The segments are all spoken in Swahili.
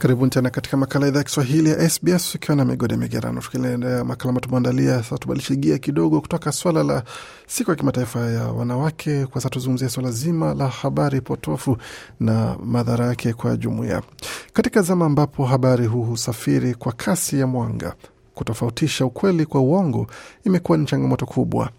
Karibuni tena katika makala idhaa ya Kiswahili ya SBS ukiwa na migode migerano, tukiendelea makala tumeandalia. Sasa tubadilishe gia kidogo kutoka swala la siku ya kimataifa ya wanawake, kwa sasa tuzungumzia swala zima la habari potofu na madhara yake kwa jumuiya, katika zama ambapo habari huu husafiri kwa kasi ya mwanga. Kutofautisha ukweli kwa uongo imekuwa ni changamoto kubwa.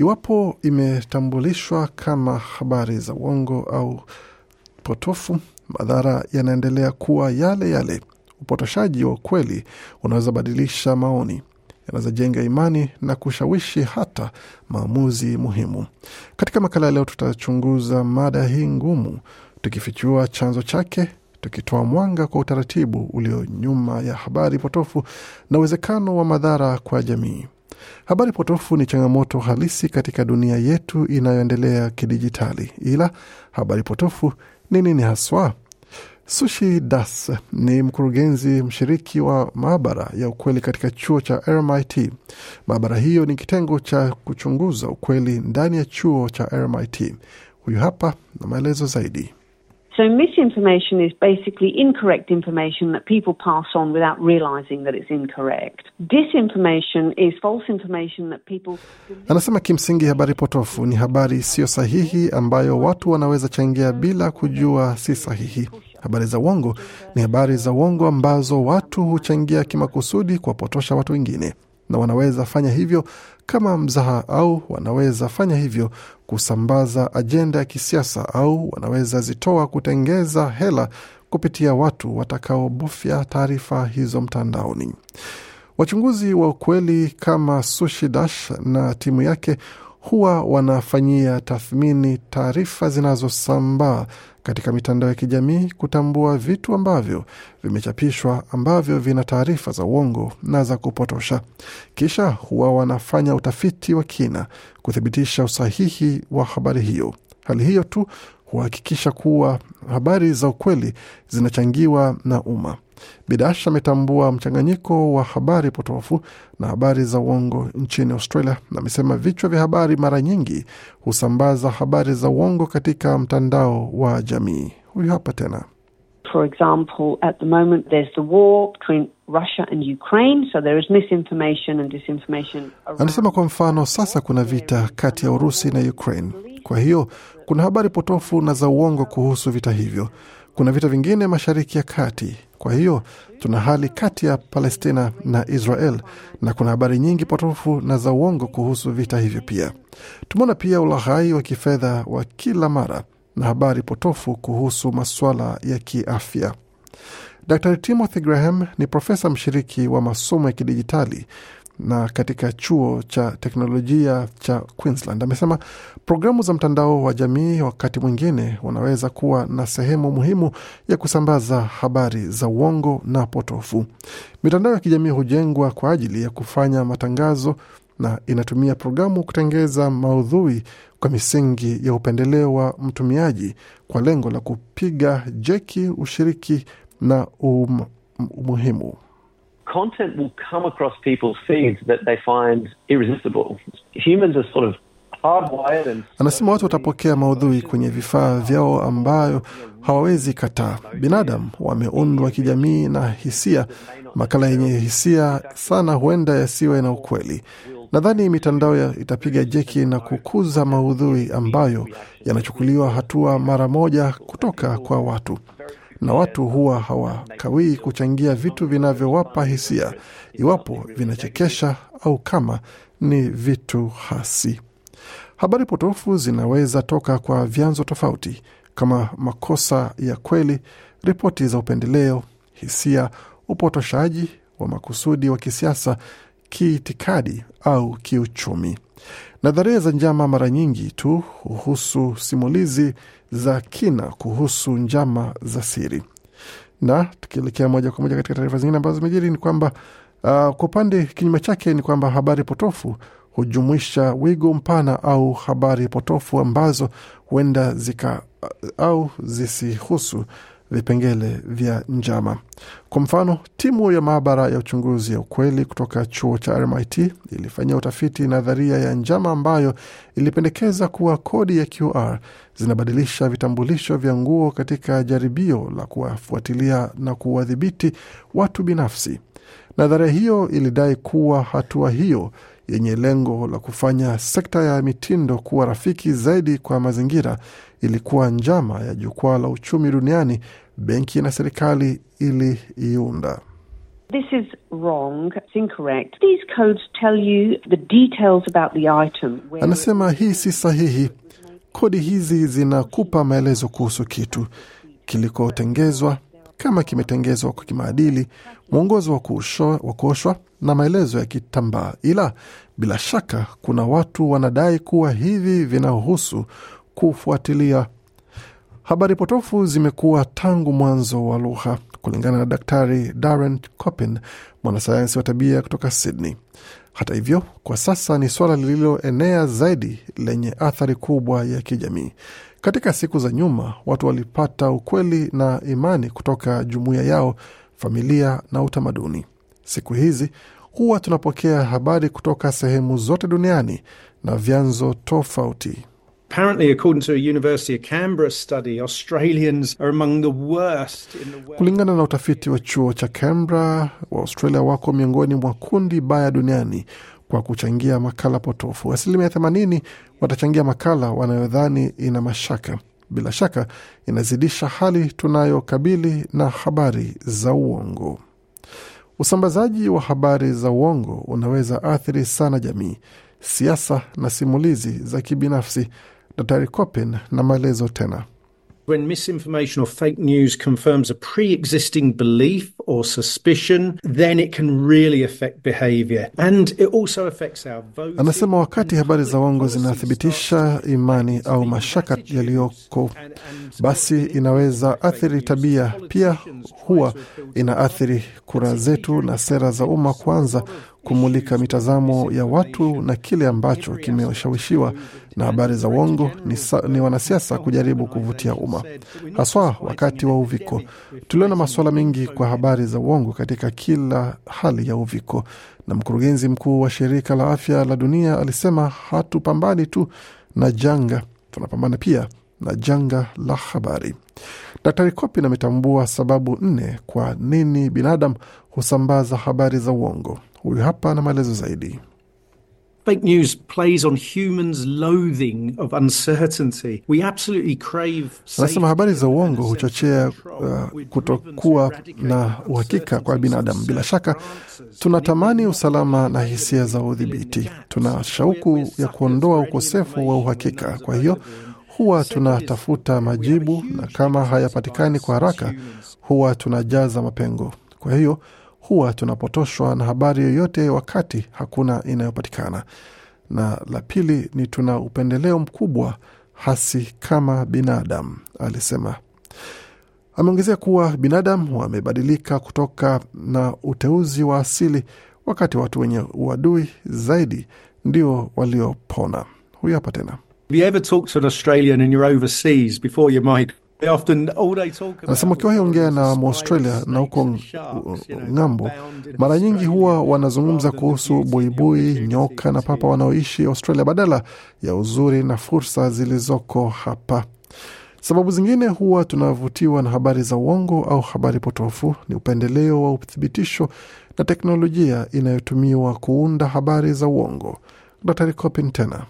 Iwapo imetambulishwa kama habari za uongo au potofu madhara yanaendelea kuwa yale yale. Upotoshaji wa kweli unaweza badilisha maoni, yanaweza jenga imani na kushawishi hata maamuzi muhimu. Katika makala ya leo, tutachunguza mada hii ngumu, tukifichua chanzo chake, tukitoa mwanga kwa utaratibu ulio nyuma ya habari potofu na uwezekano wa madhara kwa jamii. Habari potofu ni changamoto halisi katika dunia yetu inayoendelea kidijitali, ila habari potofu ni nini haswa? Sushi Das ni mkurugenzi mshiriki wa maabara ya ukweli katika chuo cha RMIT. Maabara hiyo ni kitengo cha kuchunguza ukweli ndani ya chuo cha RMIT. Huyu hapa na maelezo zaidi. So misinformation is basically incorrect information that people pass on without realizing that it's incorrect. Disinformation is false information that people... Anasema kimsingi habari potofu ni habari sio sahihi ambayo watu wanaweza changia bila kujua si sahihi. Habari za uongo ni habari za uongo ambazo watu huchangia kimakusudi kuwapotosha watu wengine na wanaweza fanya hivyo kama mzaha au wanaweza fanya hivyo kusambaza ajenda ya kisiasa au wanaweza zitoa kutengeza hela kupitia watu watakaobofya taarifa hizo mtandaoni. Wachunguzi wa ukweli kama sushidash na timu yake huwa wanafanyia tathmini taarifa zinazosambaa katika mitandao ya kijamii kutambua vitu ambavyo vimechapishwa ambavyo vina taarifa za uongo na za kupotosha. Kisha huwa wanafanya utafiti wa kina kuthibitisha usahihi wa habari hiyo. Hali hiyo tu kuhakikisha kuwa habari za ukweli zinachangiwa na umma. Bidash ametambua mchanganyiko wa habari potofu na habari za uongo nchini Australia na amesema vichwa vya habari mara nyingi husambaza habari za uongo katika mtandao wa jamii. Huyu hapa tena. For example, at the moment there's the war between Russia and Ukraine, so there is misinformation and disinformation. Anasema kwa mfano, sasa kuna vita kati ya Urusi na Ukraine, kwa hiyo kuna habari potofu na za uongo kuhusu vita hivyo. Kuna vita vingine Mashariki ya Kati. Kwa hiyo tuna hali kati ya Palestina na Israel, na kuna habari nyingi potofu na za uongo kuhusu vita hivyo. Pia tumeona pia ulaghai wa kifedha wa kila mara na habari potofu kuhusu masuala ya kiafya. Dr Timothy Graham ni profesa mshiriki wa masomo ya kidijitali na katika chuo cha teknolojia cha Queensland. Amesema programu za mtandao wa jamii wakati mwingine wanaweza kuwa na sehemu muhimu ya kusambaza habari za uongo na potofu. Mitandao ya kijamii hujengwa kwa ajili ya kufanya matangazo na inatumia programu kutengeza maudhui kwa misingi ya upendeleo wa mtumiaji kwa lengo la kupiga jeki ushiriki na um, umuhimu content will come across people's feeds that they find irresistible. Humans are sort of Anasema watu watapokea maudhui kwenye vifaa vyao ambayo hawawezi kataa. Binadamu wameundwa kijamii na hisia. Makala yenye hisia sana huenda yasiwe na ukweli. Nadhani mitandao itapiga jeki na kukuza maudhui ambayo yanachukuliwa hatua mara moja kutoka kwa watu na watu huwa hawakawii kuchangia vitu vinavyowapa hisia, iwapo vinachekesha au kama ni vitu hasi. Habari potofu zinaweza toka kwa vyanzo tofauti kama makosa ya kweli, ripoti za upendeleo, hisia, upotoshaji wa makusudi wa kisiasa kiitikadi au kiuchumi. Nadharia za njama mara nyingi tu huhusu simulizi za kina kuhusu njama za siri. Na tukielekea moja kwa moja katika taarifa zingine ambazo zimejiri, ni kwamba uh, kwa upande kinyume chake ni kwamba habari potofu hujumuisha wigo mpana au habari potofu ambazo huenda zika uh, au zisihusu vipengele vya njama. Kwa mfano, timu ya maabara ya uchunguzi ya ukweli kutoka chuo cha RMIT ilifanyia utafiti nadharia ya njama ambayo ilipendekeza kuwa kodi ya QR zinabadilisha vitambulisho vya nguo katika jaribio la kuwafuatilia na kuwadhibiti watu binafsi. Nadharia hiyo ilidai kuwa hatua hiyo yenye lengo la kufanya sekta ya mitindo kuwa rafiki zaidi kwa mazingira ilikuwa njama ya jukwaa la uchumi duniani, benki na serikali iliiunda. This is wrong. It's incorrect. These codes tell you the details about the item. Anasema hii si sahihi. Kodi hizi zinakupa maelezo kuhusu kitu kilikotengezwa kama kimetengezwa kwa kimaadili, mwongozo wa kuoshwa na maelezo ya kitambaa. Ila bila shaka kuna watu wanadai kuwa hivi vinahusu kufuatilia. Habari potofu zimekuwa tangu mwanzo wa lugha, kulingana na Daktari Darren Copin, mwanasayansi wa tabia kutoka Sydney. Hata hivyo, kwa sasa ni suala lililoenea zaidi lenye athari kubwa ya kijamii. Katika siku za nyuma, watu walipata ukweli na imani kutoka jumuiya yao, familia na utamaduni. Siku hizi huwa tunapokea habari kutoka sehemu zote duniani na vyanzo tofauti. Kulingana na utafiti wa chuo cha Canberra, Waaustralia wako miongoni mwa kundi baya duniani kwa kuchangia makala potofu. Asilimia themanini watachangia makala wanayodhani ina mashaka. Bila shaka inazidisha hali tunayokabili na habari za uongo. Usambazaji wa habari za uongo unaweza athiri sana jamii, siasa na simulizi za kibinafsi. Dr Copen na maelezo tena. When misinformation or fake news confirms a pre-existing belief or suspicion, then it can really affect behavior. And it also affects our vote. Anasema wakati habari za uongo zinathibitisha imani au mashaka yaliyoko, basi inaweza athiri tabia, pia huwa inaathiri kura zetu na sera za umma, kwanza kumulika mitazamo ya watu na kile ambacho kimeshawishiwa na habari za uongo ni, ni wanasiasa kujaribu kuvutia umma, haswa wakati wa uviko. Tuliona masuala mengi kwa habari habari za uongo katika kila hali ya uviko. Na mkurugenzi mkuu wa shirika la afya la dunia alisema, hatupambani tu na janga, tunapambana pia na janga la habari. Daktari Kopin ametambua sababu nne kwa nini binadamu husambaza habari za uongo. Huyu hapa na maelezo zaidi. Fake news plays on humans loathing of uncertainty. We absolutely crave. Anasema habari za uongo huchochea uh, kutokuwa na uhakika kwa binadamu. Bila shaka tunatamani usalama na hisia za udhibiti. Tuna shauku ya kuondoa ukosefu wa uhakika. Kwa hiyo huwa tunatafuta majibu, na kama hayapatikani kwa haraka, huwa tunajaza mapengo. Kwa hiyo huwa tunapotoshwa na habari yoyote wakati hakuna inayopatikana, na la pili ni tuna upendeleo mkubwa hasi kama binadamu, alisema. Ameongezea kuwa binadamu wamebadilika kutoka na uteuzi wa asili, wakati watu wenye uadui zaidi ndio waliopona. Huyu hapa tena. Oh, Anasema akiwa ongea na Mwaustralia na huko ng'ambo, mara nyingi huwa wanazungumza kuhusu buibui, nyoka na papa wanaoishi Australia badala ya uzuri na fursa zilizoko hapa. Sababu zingine huwa tunavutiwa na habari za uongo au habari potofu, ni upendeleo wa uthibitisho na teknolojia inayotumiwa kuunda habari za uongo. Dr. Copin tena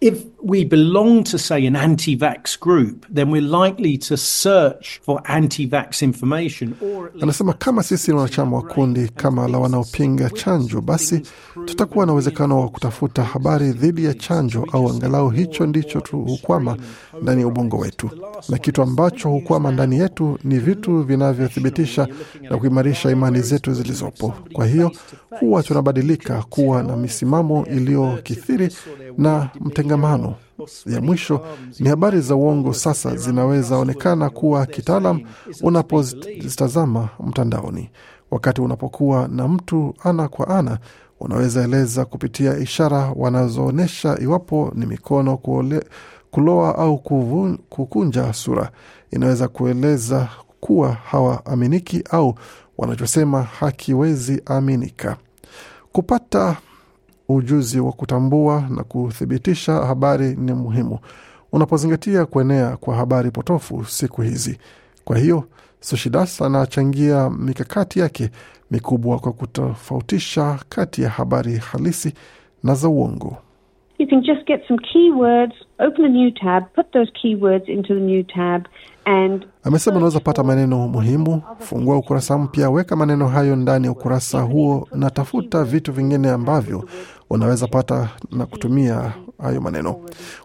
If we belong to, say, an anti vax group, then we're likely to search for anti vax information. Anasema kama sisi ni wanachama wa kundi kama la wanaopinga chanjo, basi tutakuwa na uwezekano wa kutafuta habari dhidi ya chanjo, au angalau hicho ndicho tu hukwama ndani ya ubongo wetu, na kitu ambacho hukwama ndani yetu ni vitu vinavyothibitisha na kuimarisha imani zetu zilizopo. Kwa hiyo huwa tunabadilika kuwa na misimamo iliyokithiri na mtengamano mfano ya mwisho ni habari za uongo sasa zinaweza onekana kuwa kitaalam unapozitazama mtandaoni. Wakati unapokuwa na mtu ana kwa ana, unaweza eleza kupitia ishara wanazoonyesha, iwapo ni mikono kuole, kuloa au kuvun, kukunja sura, inaweza kueleza kuwa hawaaminiki au wanachosema hakiwezi aminika. Kupata ujuzi wa kutambua na kuthibitisha habari ni muhimu unapozingatia kuenea kwa habari potofu siku hizi. Kwa hiyo Sushidas anachangia mikakati yake mikubwa kwa kutofautisha kati ya habari halisi na za uongo. Amesema unaweza pata maneno muhimu, fungua ukurasa mpya, weka maneno hayo ndani ya ukurasa huo na tafuta vitu vingine ambavyo unaweza pata na kutumia hayo maneno.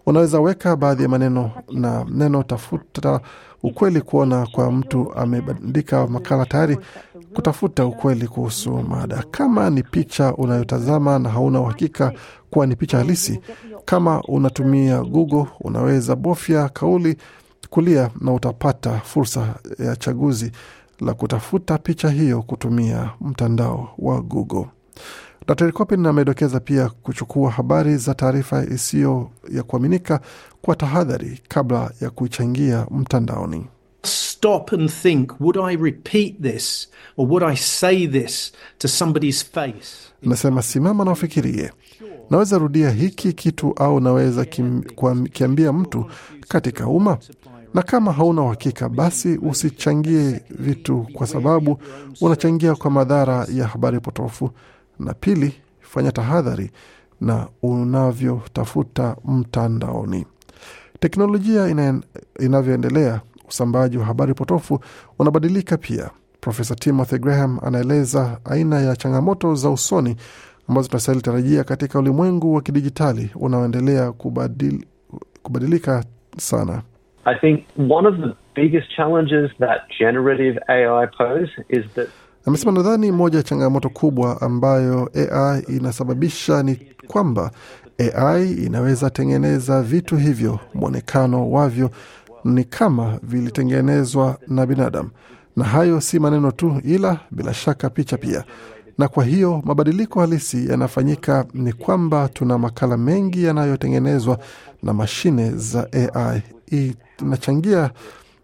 Unaweza weka baadhi ya maneno na neno tafuta ukweli, kuona kwa mtu amebandika makala tayari kutafuta ukweli kuhusu mada. Kama ni picha unayotazama na hauna uhakika kuwa ni picha halisi, kama unatumia Google, unaweza bofya kauli kulia na utapata fursa ya chaguzi la kutafuta picha hiyo kutumia mtandao wa Google. Dr Copin amedokeza pia kuchukua habari za taarifa isiyo ya kuaminika kwa tahadhari kabla ya kuichangia mtandaoni. Stop and think, would I repeat this or would I say this to somebody's face? Nasema simama na ufikirie, naweza rudia hiki kitu au naweza kim, kiambia mtu katika umma. Na kama hauna uhakika, basi usichangie vitu, kwa sababu unachangia kwa madhara ya habari potofu na pili, fanya tahadhari na unavyotafuta mtandaoni. Teknolojia ina, inavyoendelea, usambaaji wa habari potofu unabadilika pia. Profesa Timothy Graham anaeleza aina ya changamoto za usoni ambazo tunastahili tarajia katika ulimwengu wa kidijitali unaoendelea kubadil, kubadilika sana. I think one of the biggest challenges that generative AI pose is that Amesema nadhani moja ya changamoto kubwa ambayo AI inasababisha ni kwamba AI inaweza tengeneza vitu hivyo, mwonekano wavyo ni kama vilitengenezwa na binadamu, na hayo si maneno tu, ila bila shaka picha pia. Na kwa hiyo mabadiliko halisi yanafanyika ni kwamba tuna makala mengi yanayotengenezwa na mashine za AI inachangia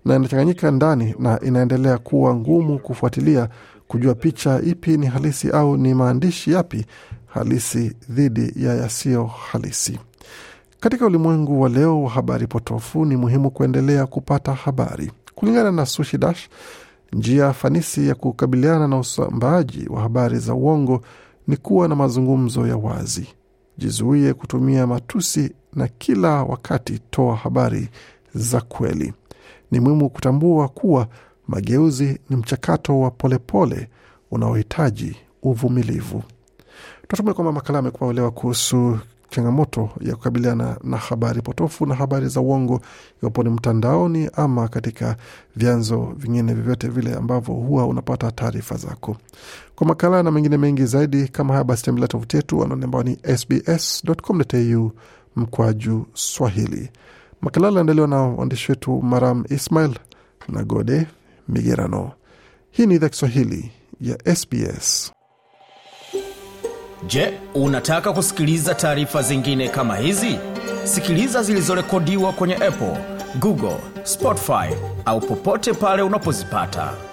na inachanganyika ndani na inaendelea kuwa ngumu kufuatilia kujua picha ipi ni halisi au ni maandishi yapi halisi dhidi ya yasiyo halisi. Katika ulimwengu wa leo wa habari potofu, ni muhimu kuendelea kupata habari. Kulingana na Sushi Dash, njia fanisi ya kukabiliana na usambaaji wa habari za uongo ni kuwa na mazungumzo ya wazi. Jizuie kutumia matusi na kila wakati toa habari za kweli ni muhimu kutambua kuwa mageuzi ni mchakato wa polepole unaohitaji uvumilivu. tunatumia kwamba makala amekupa uelewa kuhusu changamoto ya kukabiliana na habari potofu na habari za uongo, iwapo ni mtandaoni ama katika vyanzo vingine vyovyote vile ambavyo huwa unapata taarifa zako. Kwa makala na mengine mengi zaidi kama haya, basi tembelea tovuti yetu anaone ambao ni sbs.com.au mkwaju Swahili. Makala aliandaliwa na waandishi wetu Maram Ismail na Gode Migerano. Hii ni idhaa Kiswahili ya SBS. Je, unataka kusikiliza taarifa zingine kama hizi? Sikiliza zilizorekodiwa kwenye Apple, Google, Spotify au popote pale unapozipata.